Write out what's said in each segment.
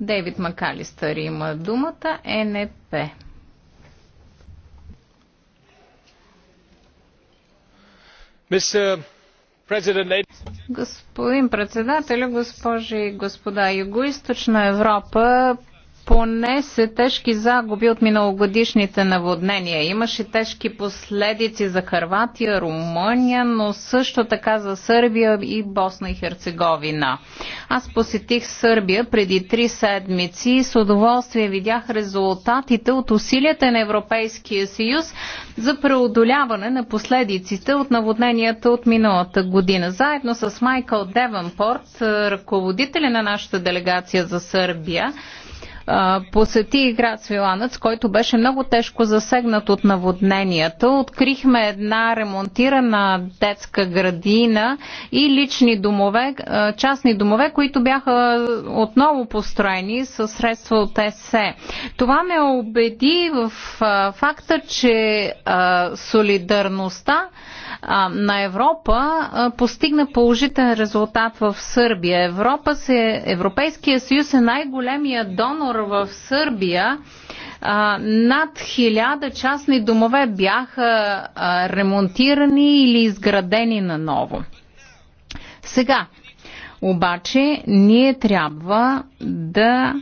Дейвид Макалистър има думата. Е НП. Господин председател, госпожи и господа, Юго-Источна Европа понесе тежки загуби от миналогодишните наводнения. Имаше тежки последици за Харватия, Румъния, но също така за Сърбия и Босна и Херцеговина. Аз посетих Сърбия преди три седмици и с удоволствие видях резултатите от усилията на Европейския съюз за преодоляване на последиците от наводненията от миналата година. Заедно с Майкъл Девенпорт, ръководителя на нашата делегация за Сърбия, посети град Свиланец, който беше много тежко засегнат от наводненията. Открихме една ремонтирана детска градина и лични домове, частни домове, които бяха отново построени с средства от ЕСЕ. Това ме убеди в факта, че солидарността на Европа постигна положителен резултат в Сърбия. Европа се, Европейския съюз е най-големия донор в Сърбия. Над хиляда частни домове бяха ремонтирани или изградени наново. Сега, обаче, ние трябва да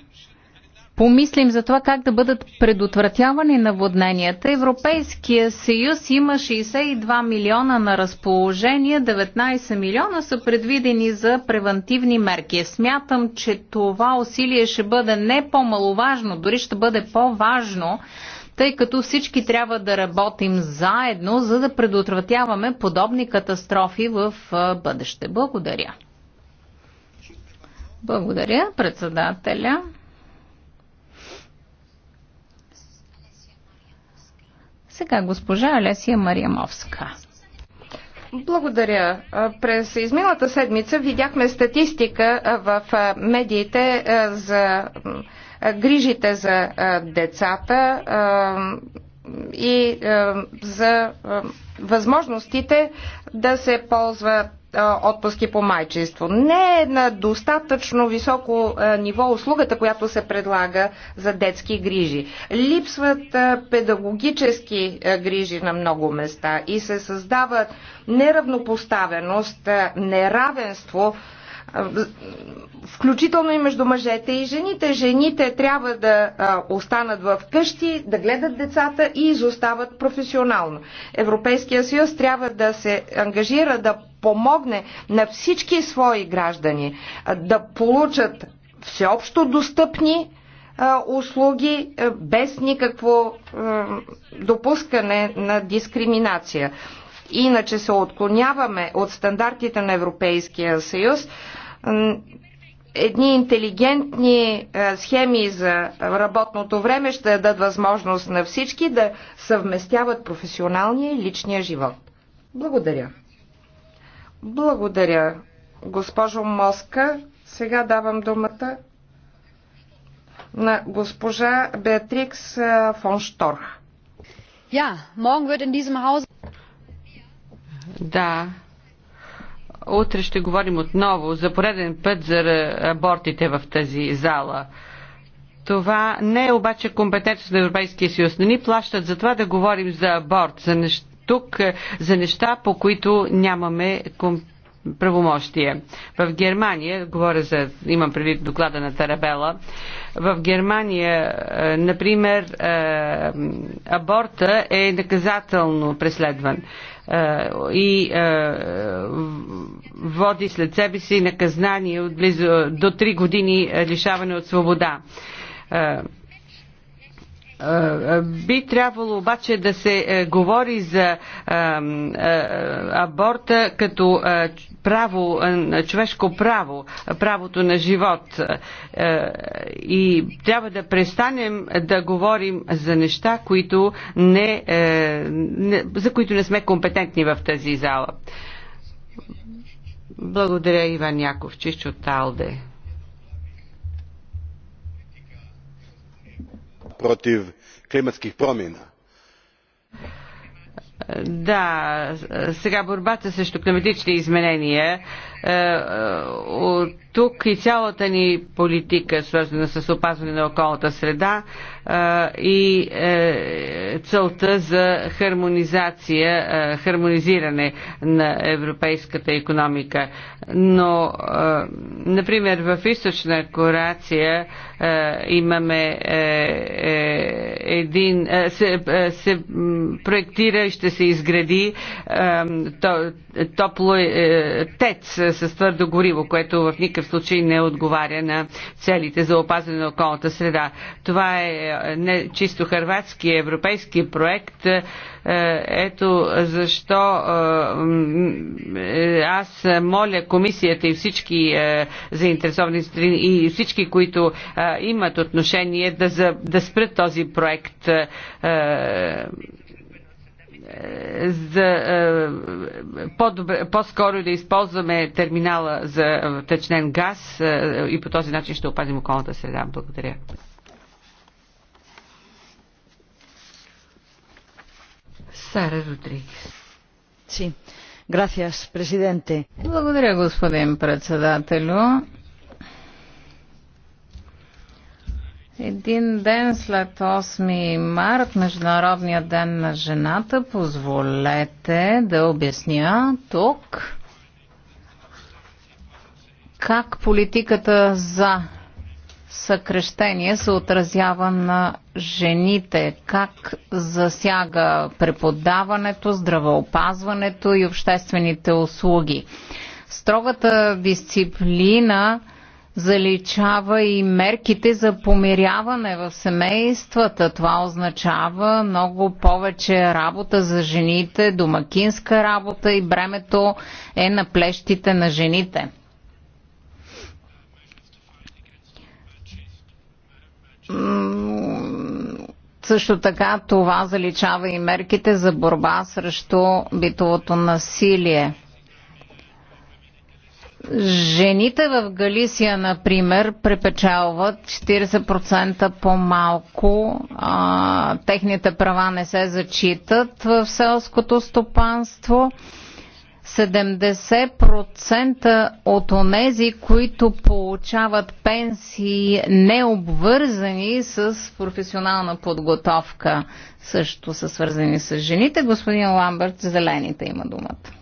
помислим за това как да бъдат предотвратявани наводненията. Европейския съюз има 62 милиона на разположение, 19 милиона са предвидени за превентивни мерки. Смятам, че това усилие ще бъде не по-маловажно, дори ще бъде по-важно, тъй като всички трябва да работим заедно, за да предотвратяваме подобни катастрофи в бъдеще. Благодаря. Благодаря, председателя. Сега госпожа Алесия Мариамовска. Благодаря. През изминалата седмица видяхме статистика в медиите за грижите за децата и за възможностите да се ползва отпуски по майчинство. Не е на достатъчно високо ниво услугата, която се предлага за детски грижи. Липсват педагогически грижи на много места и се създава неравнопоставеност, неравенство включително и между мъжете и жените. Жените трябва да останат в къщи, да гледат децата и изостават професионално. Европейския съюз трябва да се ангажира да помогне на всички свои граждани да получат всеобщо достъпни услуги без никакво допускане на дискриминация. Иначе се отклоняваме от стандартите на Европейския съюз. Едни интелигентни схеми за работното време ще дадат възможност на всички да съвместяват професионалния и личния живот. Благодаря. Благодаря, госпожо Моска. Сега давам думата на госпожа Беатрикс фон Шторх. Ja, morgen wird in diesem Haus... Да, утре ще говорим отново за пореден път за абортите в тази зала. Това не е обаче компетентност на Европейския съюз. Не ни плащат за това да говорим за аборт, за неща тук е, за неща, по които нямаме компетентност правомощия. В Германия, говоря за, имам предвид доклада на Тарабела, в Германия, е, например, е, аборта е наказателно преследван и води след себе си наказание от близо до 3 години лишаване от свобода е, е, би трябвало обаче да се е, говори за аборта като право, човешко право, правото на живот. И трябва да престанем да говорим за неща, които не, за които не сме компетентни в тази зала. Благодаря Иван Яков, чищ от Алде. protiv klimatskih promjena. Да, сега борбата срещу климатични изменения е, е от тук и цялата ни политика, свързана с опазване на околната среда и е, целта за хармонизация, е, хармонизиране на европейската економика. Но, е, например, в източна Корация имаме един... се, се проектира и ще се изгради топло тец с твърдо гориво, което в никакъв случай не отговаря на целите за опазване на околната среда. Това е, е не чисто хърватски, европейски проект. Е, ето защо е, аз моля комисията и всички заинтересовани страни и всички, които имат отношение да, за, да спрат този проект за е, по-скоро по да използваме терминала за течнен газ е, и по този начин ще опазим околната среда. Благодаря. Сара Родригес. Sí. Gracias, presidente. Благодаря, господин председателю. Един ден след 8 март, Международния ден на жената, позволете да обясня тук как политиката за съкрещение се отразява на жените, как засяга преподаването, здравеопазването и обществените услуги. Строгата дисциплина – заличава и мерките за помиряване в семействата. Това означава много повече работа за жените, домакинска работа и бремето е на плещите на жените. Също така това заличава и мерките за борба срещу битовото насилие. Жените в Галисия, например, препечалват 40% по-малко. техните права не се зачитат в селското стопанство. 70% от онези, които получават пенсии необвързани с професионална подготовка, също са свързани с жените. Господин Ламбърт, зелените има думата.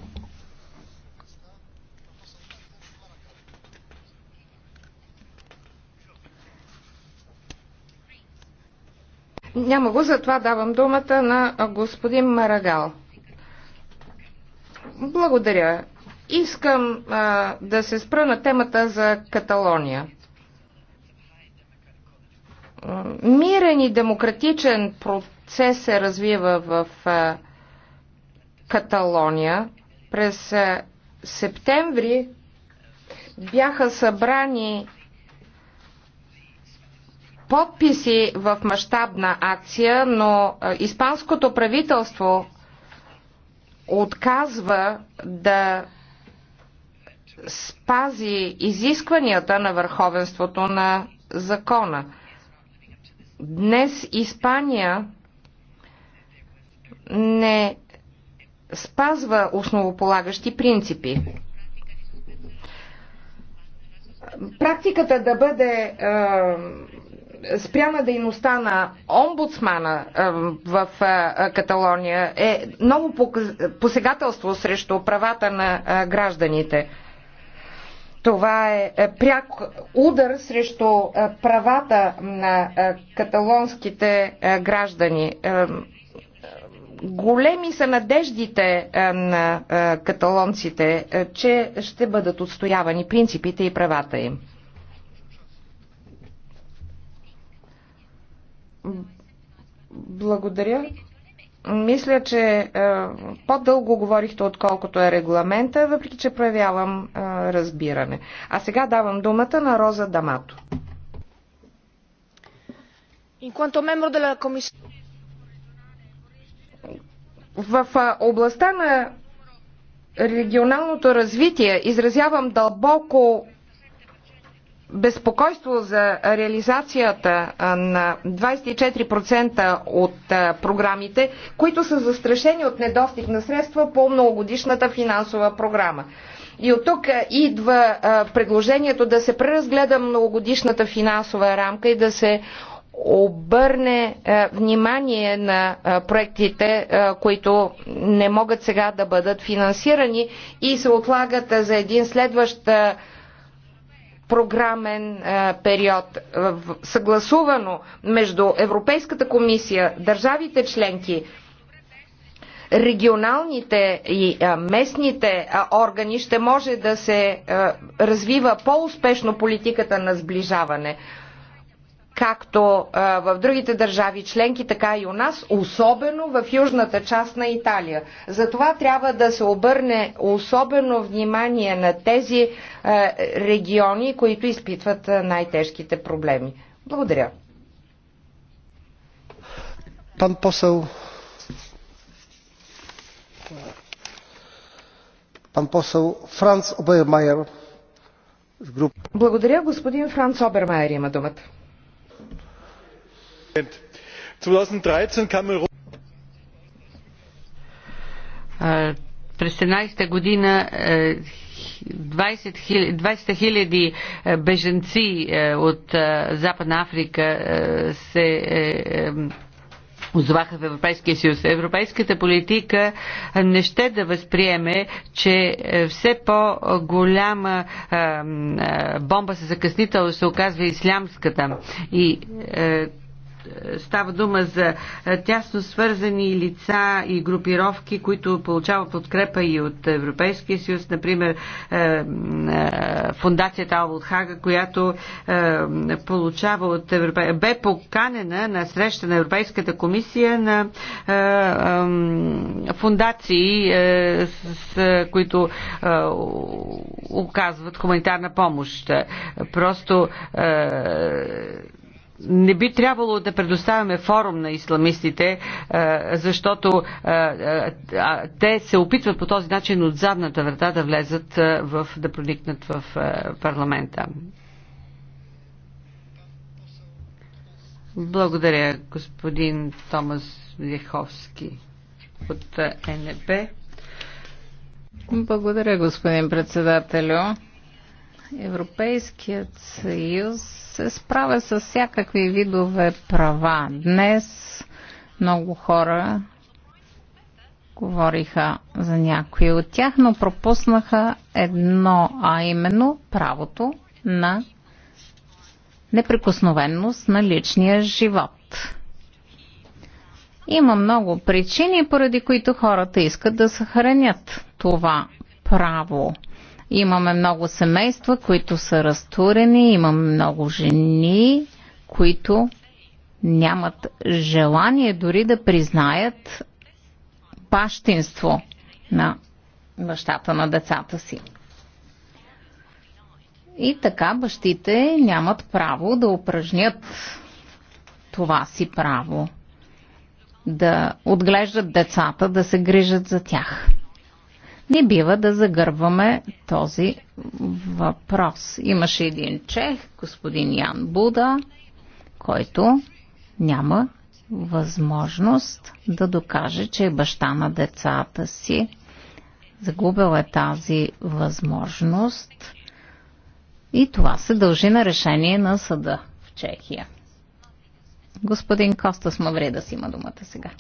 Няма го, затова давам думата на господин Марагал. Благодаря. Искам а, да се спра на темата за Каталония. Мирен и демократичен процес се развива в а, Каталония. През а, септември бяха събрани подписи в мащабна акция, но испанското правителство отказва да спази изискванията на върховенството на закона. Днес Испания не спазва основополагащи принципи. Практиката да бъде е, спряна дейността на омбудсмана в Каталония е ново посегателство срещу правата на гражданите. Това е, е пряк удар срещу правата на каталонските граждани. Големи са надеждите на каталонците, че ще бъдат отстоявани принципите и правата им. Благодаря. Мисля, че е, по-дълго говорихте, отколкото е регламента, въпреки че проявявам е, разбиране. А сега давам думата на Роза Дамато. В е, областта на регионалното развитие изразявам дълбоко безпокойство за реализацията на 24% от програмите, които са застрашени от недостиг на средства по многогодишната финансова програма. И от тук идва предложението да се преразгледа многогодишната финансова рамка и да се обърне внимание на проектите, които не могат сега да бъдат финансирани и се отлагат за един следващ програмен е, период, е, съгласувано между Европейската комисия, държавите членки, регионалните и е, местните органи ще може да се развива по-успешно политиката на сближаване както в другите държави членки, така и у нас, особено в южната част на Италия. Затова трябва да се обърне особено внимание на тези региони, които изпитват най-тежките проблеми. Благодаря. Пан посъл. Пан посъл Франц Обермайер. Благодаря, господин Франц Обермайер има думата. 2013 Kamerun през 17-та година 20 е, хиляди е, беженци е, от Западна Африка се озоваха в Европейския съюз. Европейската политика не ще да възприеме, че все по-голяма бомба със закъснител се оказва ислямската. И става дума за тясно свързани лица и групировки, които получават подкрепа и от Европейския съюз, например е, е, фундацията Алвот Хага, която е, получава от Европейския. бе поканена на среща на Европейската комисия на фундации, с които оказват хуманитарна помощ. Просто не би трябвало да предоставяме форум на исламистите, е, защото е, е, те се опитват по този начин от задната врата да влезат в, да проникнат в парламента. Благодаря, господин Томас Леховски от НП. Благодаря, господин председателю. Европейският съюз се справя с всякакви видове права. Днес много хора говориха за някои от тях, но пропуснаха едно, а именно правото на неприкосновенност на личния живот. Има много причини, поради които хората искат да съхранят това право. Имаме много семейства, които са разтурени, имаме много жени, които нямат желание дори да признаят бащинство на бащата на децата си. И така бащите нямат право да упражнят това си право, да отглеждат децата, да се грижат за тях. Не бива да загърваме този въпрос. Имаше един чех, господин Ян Буда, който няма възможност да докаже, че е баща на децата си. Загубил е тази възможност и това се дължи на решение на съда в Чехия. Господин Костас си има думата сега.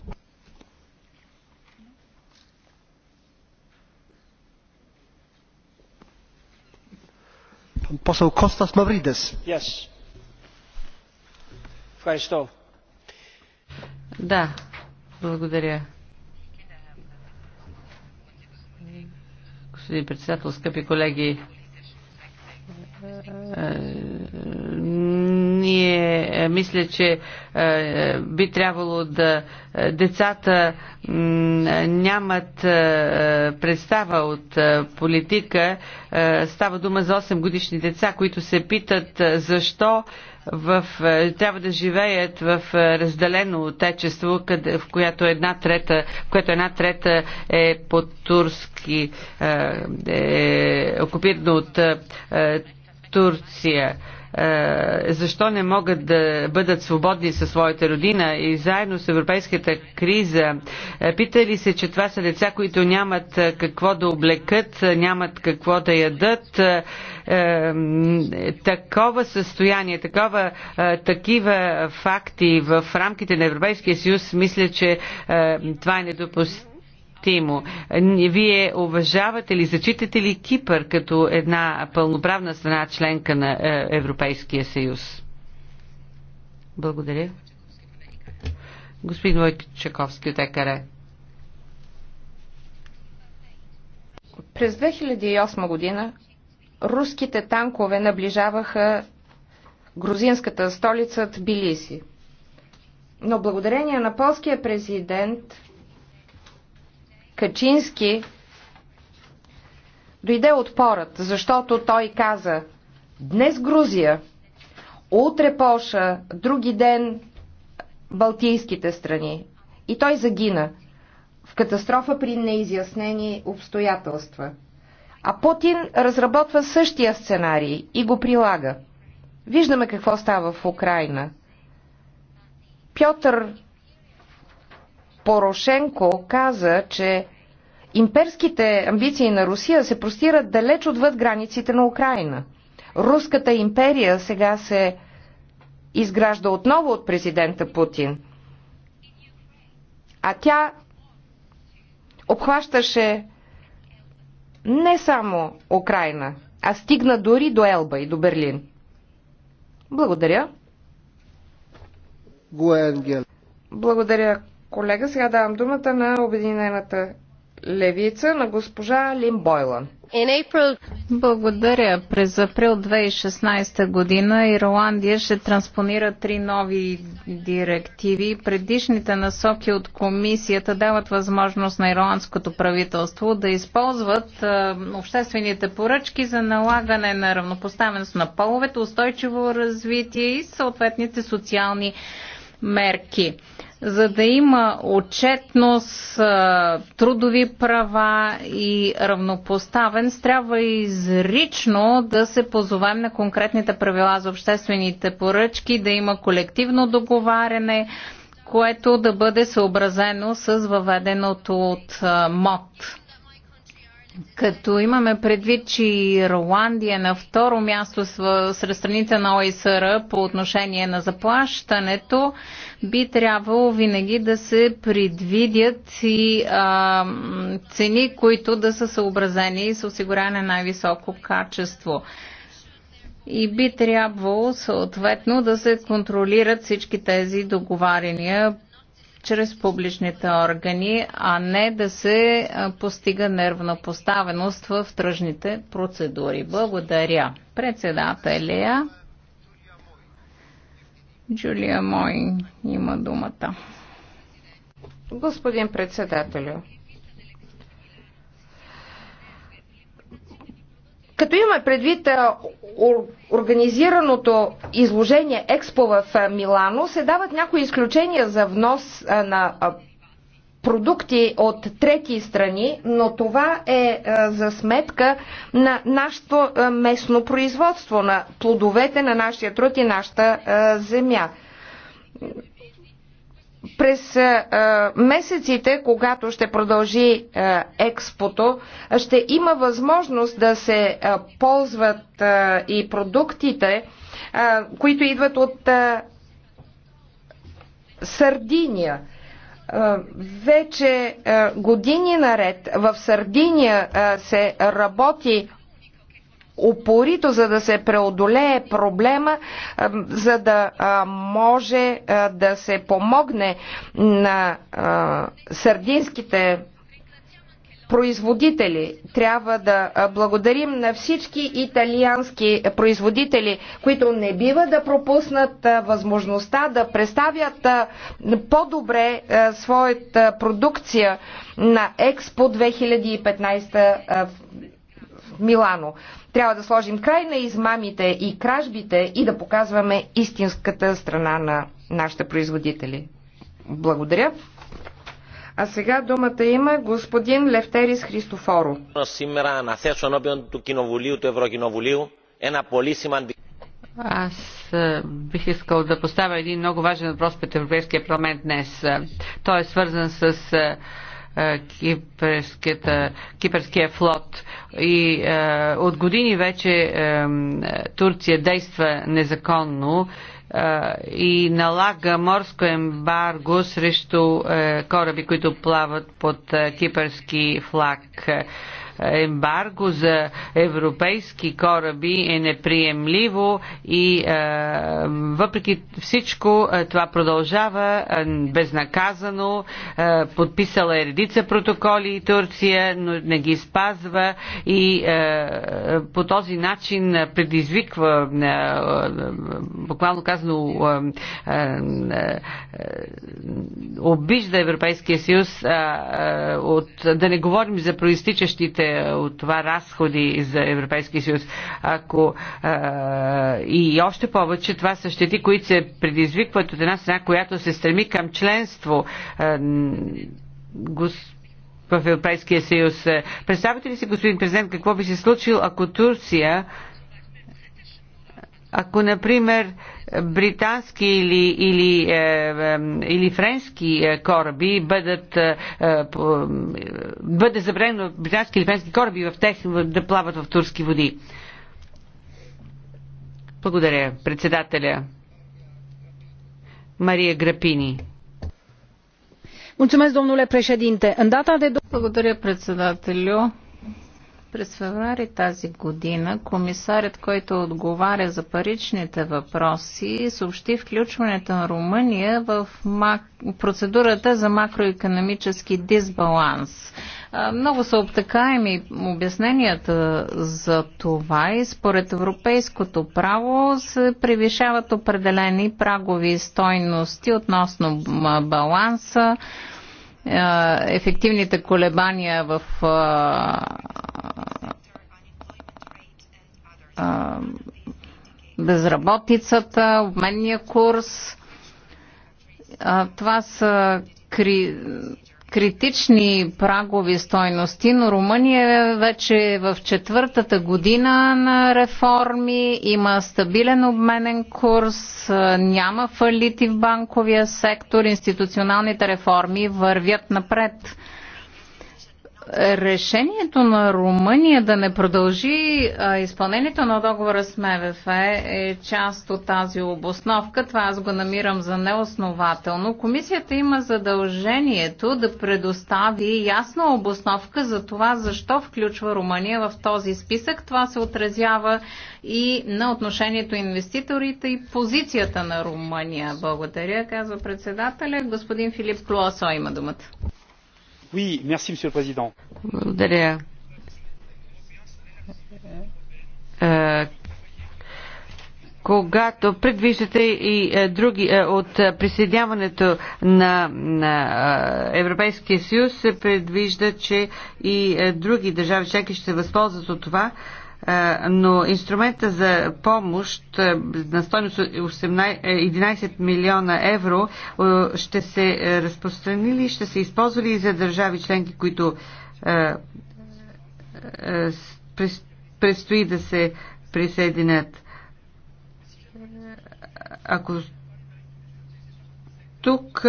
благодаря. Господин председател, скъпи колеги, ние е, мисля, че е, би трябвало да е, децата нямат представа от политика. Става дума за 8 годишни деца, които се питат защо в, трябва да живеят в разделено отечество, къде, в която една трета, в което една трета е под турски, е, е окупирано от е, Турция. Е, защо не могат да бъдат свободни със своята родина и заедно с европейската криза. Е, питали се, че това са деца, които нямат е, какво да облекат, нямат какво да ядат? Такова състояние, такова, такива факти в рамките на Европейския съюз, мисля, че това е недопустимо допустимо. Вие уважавате ли, зачитате ли Кипър като една пълноправна страна, членка на е, Европейския съюз? Благодаря. Господин Войчаковски от ЕКР. През 2008 година руските танкове наближаваха грузинската столица Тбилиси. Но благодарение на полския президент Качински дойде отпорът, защото той каза Днес Грузия, утре Полша, други ден Балтийските страни. И той загина в катастрофа при неизяснени обстоятелства. А Путин разработва същия сценарий и го прилага. Виждаме какво става в Украина. Пьотър Порошенко каза, че имперските амбиции на Русия се простират далеч отвъд границите на Украина. Руската империя сега се изгражда отново от президента Путин. А тя обхващаше не само Украина, а стигна дори до Елба и до Берлин. Благодаря. Благодаря, колега. Сега давам думата на Обединената левица на госпожа Лин Бойлан. April... Благодаря. През април 2016 година Ирландия ще транспонира три нови директиви. Предишните насоки от комисията дават възможност на ирландското правителство да използват е, обществените поръчки за налагане на равнопоставеност на половете, устойчиво развитие и съответните социални мерки за да има отчетност, трудови права и равнопоставен, трябва изрично да се позовем на конкретните правила за обществените поръчки, да има колективно договаряне, което да бъде съобразено с въведеното от МОД. Като имаме предвид, че Ирландия е на второ място сред страните на ОИСР по отношение на заплащането, би трябвало винаги да се предвидят и а, цени, които да са съобразени с осигуряване на най-високо качество и би трябвало съответно да се контролират всички тези договаряния чрез публичните органи, а не да се постига нервна поставеност в тръжните процедури. Благодаря. Председателя Джулия Мой има думата. Господин председателю, Като имаме предвид организираното изложение Експо в Милано, се дават някои изключения за внос на продукти от трети страни, но това е за сметка на нашето местно производство, на плодовете на нашия труд и нашата земя. През а, месеците, когато ще продължи а, експото, ще има възможност да се а, ползват а, и продуктите, а, които идват от а, Сардиния. Вече години наред в Сардиния се работи упорито, за да се преодолее проблема, за да може да се помогне на сърдинските производители. Трябва да благодарим на всички италиански производители, които не бива да пропуснат възможността да представят по-добре своята продукция на Експо 2015 Милано. Трябва да сложим край на измамите и кражбите и да показваме истинската страна на нашите производители. Благодаря. А сега думата има господин Левтерис Христофоро. θέσω ενώπιον του Κοινοβουλίου, του Ευρωκοινοβουλίου, ένα πολύ σημαντικό... Аз бих искал да поставя един много важен въпрос пред Европейския парламент днес. Той е свързан с е, кипърския флот. И е, от години вече е, Турция действа незаконно е, и налага морско ембарго срещу е, кораби, които плават под е, кипърски флаг. Е, ембарго за европейски кораби е неприемливо и е, въпреки всичко е, това продължава е, безнаказано. Подписала е редица протоколи Турция, но не ги спазва и по този начин предизвиква буквално казано обижда Европейския съюз от, да не говорим за проистичащите от това разходи за Европейския съюз. Ако а, и още повече това са щети, които се предизвикват от една страна, която се стреми към членство. А, гос в Европейския съюз. Представете ли си, господин президент, какво би се случило, ако Турция, ако, например, британски или, или, е, е, или френски е, кораби бъдат бъде забранено британски или френски кораби в тех, да плават в турски води. Благодаря, председателя. Мария Грапини. Mulțumesc, domnule președinte. În data de... Благодаря, председателю. През феврари тази година комисарят, който отговаря за паричните въпроси, съобщи включването на Румъния в мак... процедурата за макроекономически дисбаланс. Много са обтекаеми обясненията за това и според европейското право се превишават определени прагови стойности относно баланса ефективните колебания в безработицата, обменния курс. Това са кри критични прагови стойности, но Румъния вече е в четвъртата година на реформи, има стабилен обменен курс, няма фалити в банковия сектор, институционалните реформи вървят напред. Решението на Румъния да не продължи а, изпълнението на договора с МВФ е част от тази обосновка. Това аз го намирам за неоснователно. Комисията има задължението да предостави ясна обосновка за това защо включва Румъния в този списък. Това се отразява и на отношението инвеститорите и позицията на Румъния. Благодаря, казва председателя. Господин Филип Клоасо има думата. Oui, merci, monsieur le président. Благодаря. Е, когато предвиждате и е, други е, от присъединяването на, на Европейския съюз, се предвижда, че и други държави членки ще се възползват от това но инструмента за помощ на стойност 11 е, милиона евро ще се разпространи ли, ще се използва ли за държави членки, които предстои да се присъединят? Ако тук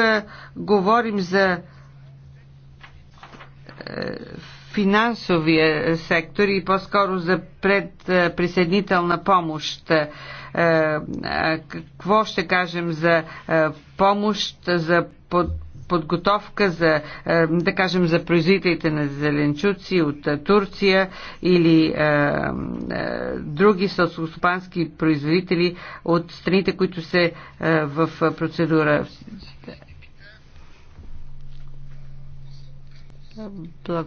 говорим за финансовия сектор и по-скоро за предприсъединителна е, помощ. Е, е, какво ще кажем за помощ, за под подготовка за, да кажем, за производителите на зеленчуци от Турция или е, е, други сълскостопански производители от страните, които се е, в процедура. Благодаря.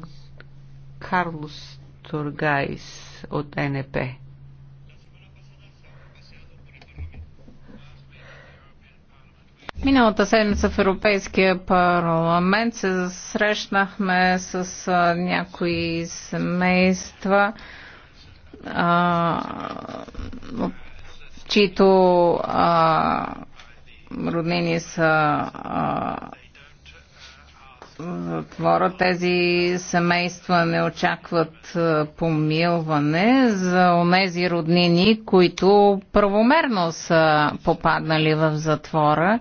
Карлос Тургайс от НП. Миналата седмица в Европейския парламент се срещнахме с някои семейства, а, чието а, роднини са а, затвора тези семейства не очакват помилване за онези роднини, които правомерно са попаднали в затвора.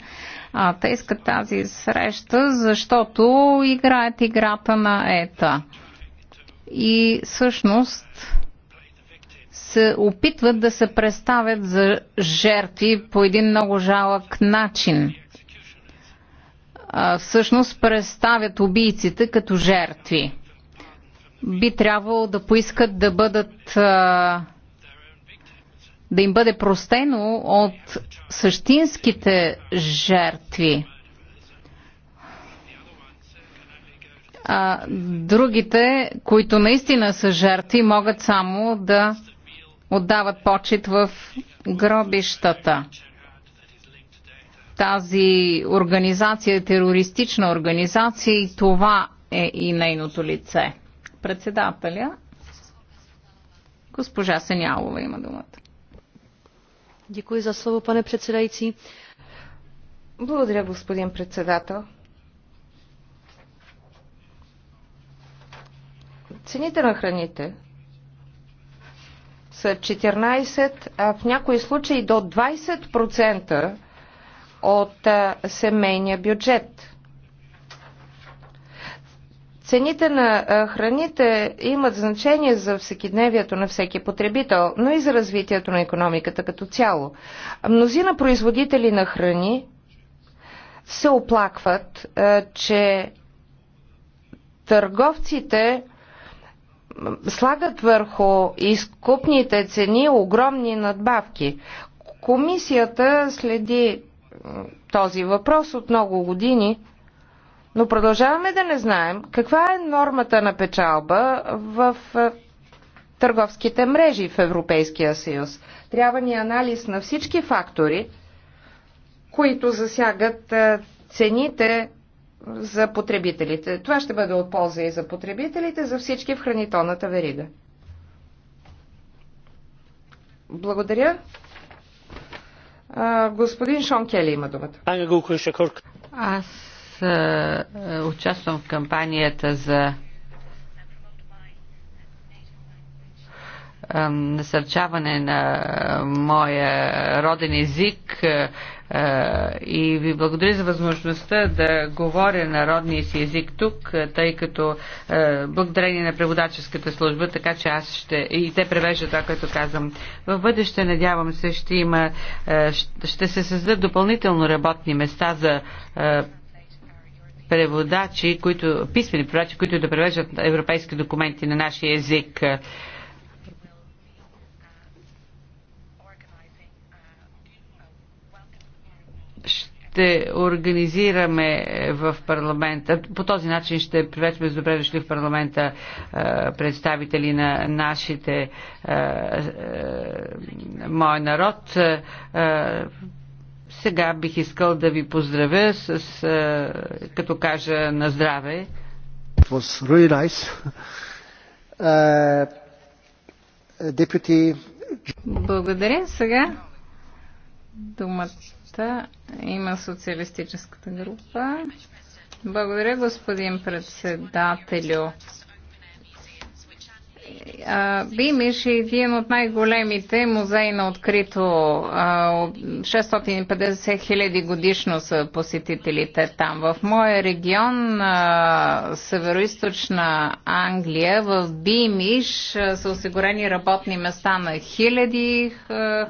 А, те искат тази среща, защото играят играта на ета. И всъщност се опитват да се представят за жертви по един много жалък начин всъщност представят убийците като жертви. Би трябвало да поискат да бъдат да им бъде простено от същинските жертви. А другите, които наистина са жертви, могат само да отдават почет в гробищата тази организация е терористична организация и това е и нейното лице. Председателя, госпожа Сенялова има думата. Дякую за слово, пане předsedající. Благодаря, господин председател. Цените на храните са 14, а в някои случаи до 20% от семейния бюджет. Цените на храните имат значение за всекидневието на всеки потребител, но и за развитието на економиката като цяло. Мнозина производители на храни се оплакват, че търговците слагат върху изкупните цени огромни надбавки. Комисията следи този въпрос от много години, но продължаваме да не знаем каква е нормата на печалба в е, търговските мрежи в Европейския съюз. Трябва ни анализ на всички фактори, които засягат е, цените за потребителите. Това ще бъде от полза и за потребителите, за всички в хранителната верига. Благодаря господин Шон Кели има думата. Аз участвам в кампанията за насърчаване на моя роден език е, и ви благодаря за възможността да говоря народния си език тук, е, тъй като е, благодарение на преводаческата служба, така че аз ще и те превежда това, което казвам. В бъдеще, надявам се, ще има ще се създадат допълнително работни места за преводачи, които, писмени преводачи, които да превеждат европейски документи на нашия език. ще организираме в парламента. По този начин ще приветваме с добре дошли в парламента е, представители на нашите е, е, мой народ. Сега бих искал да ви поздравя с, като кажа на здраве. It was really nice. Uh, deputy... Благодаря. Сега думата групата. има социалистическата група. Благодаря, господин председателю. Бимиш е един от най-големите музеи на открито. 650 хиляди годишно са посетителите там. В моя регион, североизточна Англия, в Бимиш са осигурени работни места на хиляди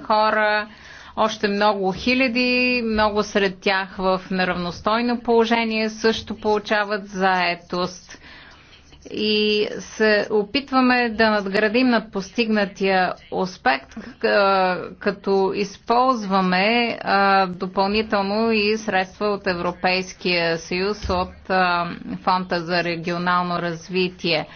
хора още много хиляди, много сред тях в неравностойно положение също получават заетост. И се опитваме да надградим над постигнатия успех, като използваме допълнително и средства от Европейския съюз, от Фонда за регионално развитие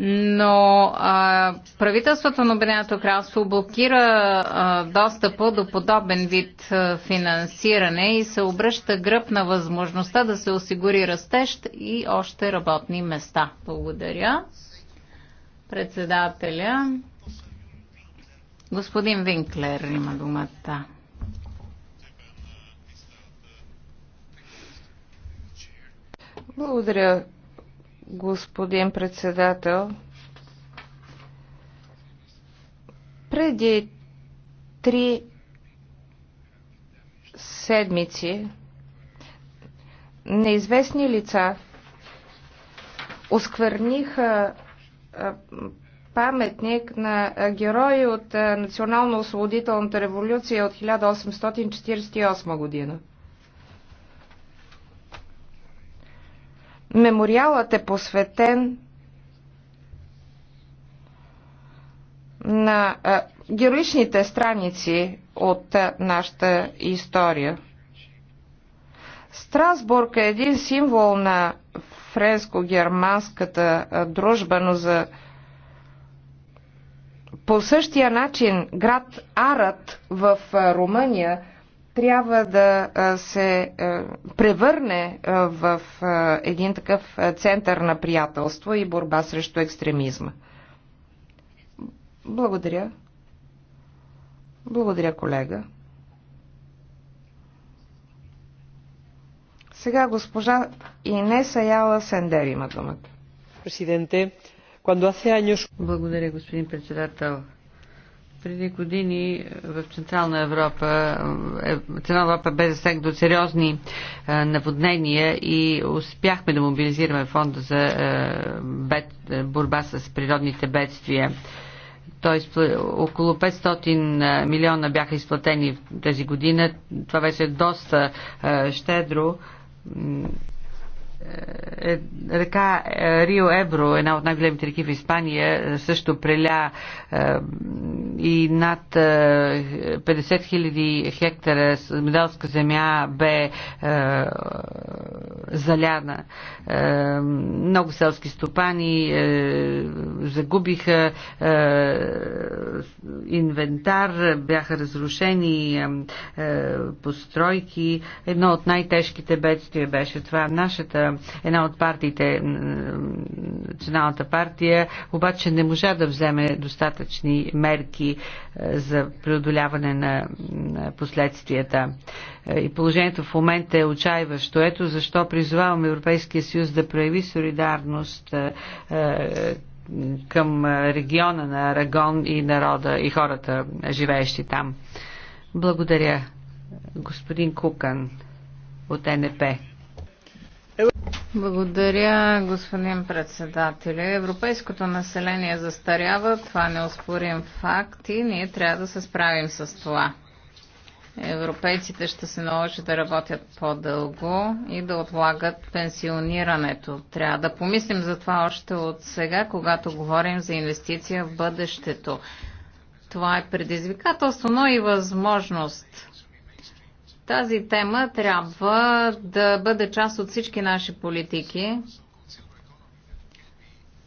но а, правителството на Обединеното кралство блокира а, достъпа до подобен вид а, финансиране и се обръща гръб на възможността да се осигури растещ и още работни места. Благодаря. Председателя. Господин Винклер има думата. Благодаря, господин председател. Преди три седмици неизвестни лица оскверниха паметник на герои от национално-освободителната революция от 1848 година. Мемориалът е посветен на а, героичните страници от а, нашата история. Страсбург е един символ на френско-германската дружба, но за по същия начин град Арат в Румъния трябва да се превърне в един такъв център на приятелство и борба срещу екстремизма. Благодаря. Благодаря, колега. Сега госпожа Инеса Яла Сендер има думата. Благодаря, господин председател. Преди години е, в Централна Европа, е, Централна Европа бе засегната от сериозни е, наводнения и успяхме да мобилизираме фонда за бед, борба с природните бедствия. Той около 500 милиона бяха изплатени тази година. Това беше доста щедро е, е, река е, Рио Ебро, една от най-големите реки в Испания, също преля и над 50 000 хектара медалска земя бе заляна. Много селски стопани загубиха инвентар, бяха разрушени постройки. Едно от най-тежките бедствия беше това. Нашата една от партиите, националната партия, обаче не можа да вземе достатъчни мерки е, за преодоляване на последствията. Е, и положението в момента е отчаиващо. Ето защо призоваваме Европейския съюз да прояви солидарност е, към региона на Арагон и народа и хората, живеещи там. Благодаря, господин Кукан от НП. Благодаря, господин председател. Европейското население застарява, това е не успорим факт и ние трябва да се справим с това. Европейците ще се научат да работят по-дълго и да отлагат пенсионирането. Трябва да помислим за това още от сега, когато говорим за инвестиция в бъдещето. Това е предизвикателство, но и възможност тази тема трябва да бъде част от всички наши политики,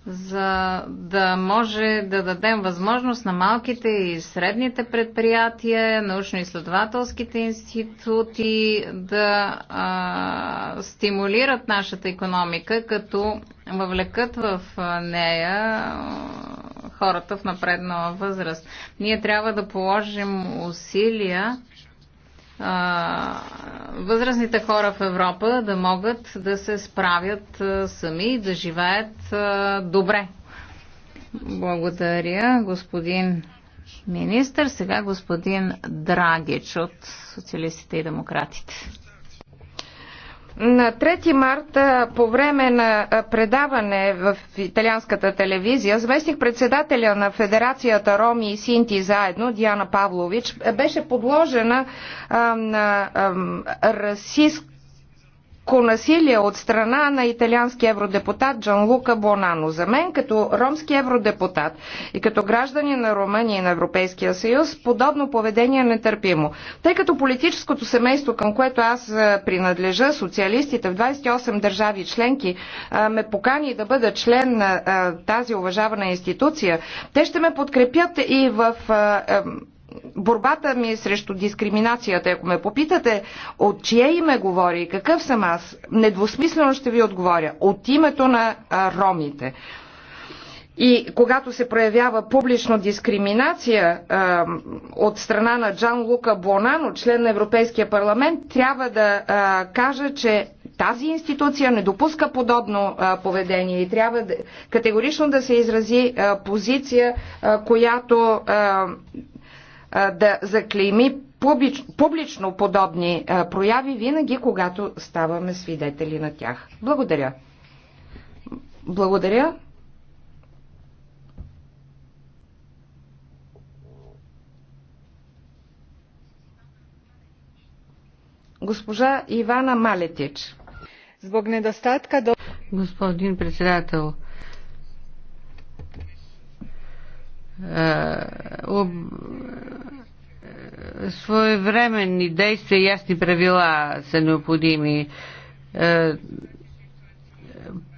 за да може да дадем възможност на малките и средните предприятия, научно-изследователските институти да а, стимулират нашата економика, като въвлекат в нея хората в напреднала възраст. Ние трябва да положим усилия възрастните хора в Европа да могат да се справят сами и да живеят добре. Благодаря, господин министър. Сега господин Драгич от Социалистите и Демократите. На 3 марта по време на предаване в италианската телевизия, заместник председателя на Федерацията Роми и Синти заедно, Диана Павлович, беше подложена на расист жестоко насилие от страна на италиански евродепутат Джан Лука Бонано. За мен, като ромски евродепутат и като граждани на Румъния и на Европейския съюз, подобно поведение е нетърпимо. Тъй като политическото семейство, към което аз принадлежа, социалистите в 28 държави членки, ме покани да бъда член на тази уважавана институция, те ще ме подкрепят и в борбата ми срещу дискриминацията, ако ме попитате от чие име говоря и какъв съм аз, недвусмислено ще ви отговоря. От името на а, ромите. И когато се проявява публично дискриминация а, от страна на Джан Лука Бонано, член на Европейския парламент, трябва да а, кажа, че тази институция не допуска подобно а, поведение и трябва да, категорично да се изрази а, позиция, а, която а, да заклейми публично подобни прояви винаги, когато ставаме свидетели на тях. Благодаря. Благодаря. Госпожа Ивана Малетич. Господин председател, Е, об... Е, своевременни действия и ясни правила са необходими. Е,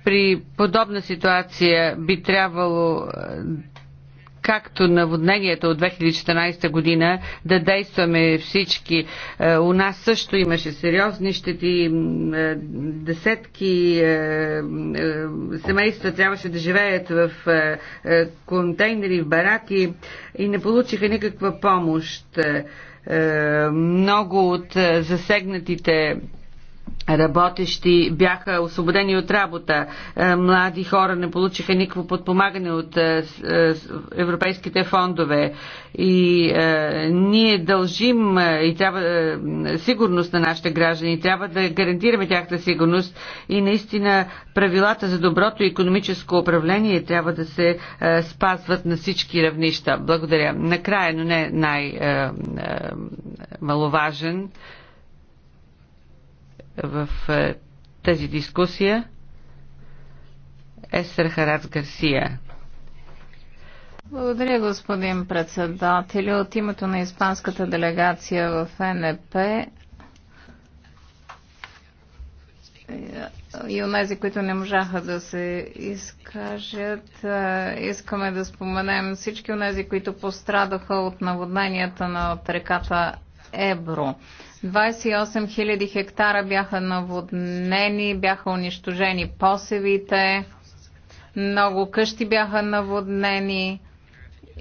при подобна ситуация би трябвало както наводнението от 2014 година, да действаме всички. Е, у нас също имаше сериозни щети, е, десетки е, семейства трябваше да живеят в контейнери, в бараки и не получиха никаква помощ. Много от засегнатите работещи бяха освободени от работа. Е, млади хора не получиха никакво подпомагане от е, е, европейските фондове. И ние дължим и трябва сигурност на нашите граждани. Трябва да гарантираме тяхната сигурност и наистина правилата за доброто економическо управление трябва да се спазват на всички равнища. Благодаря. Накрая, но не най-маловажен в е, тази дискусия Естер Харац Гарсия. Благодаря, господин председател. От името на испанската делегация в НЕП. и тези, които не можаха да се изкажат. Е, искаме да споменем всички тези, които пострадаха от наводненията на реката Ебро. 28 000 хектара бяха наводнени, бяха унищожени посевите, много къщи бяха наводнени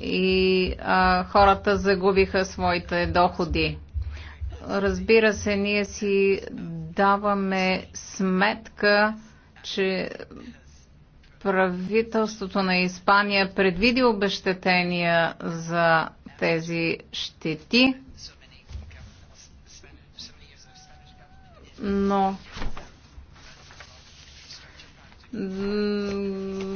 и а, хората загубиха своите доходи. Разбира се, ние си даваме сметка, че правителството на Испания предвиди обещетения за тези щети. но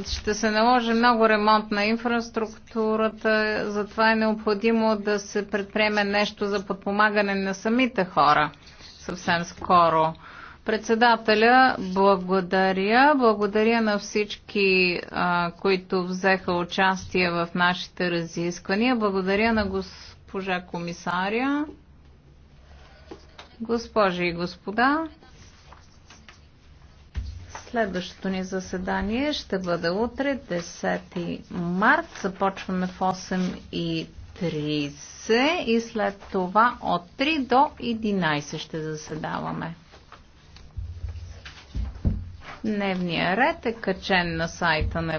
ще се наложи много ремонт на инфраструктурата, затова е необходимо да се предприеме нещо за подпомагане на самите хора съвсем скоро. Председателя, благодаря. Благодаря на всички, а, които взеха участие в нашите разисквания. Благодаря на госпожа комисаря. Госпожи и господа, следващото ни заседание ще бъде утре, 10 март. Започваме в 8.30 и след това от 3 до 11 ще заседаваме. Дневният ред е качен на сайта на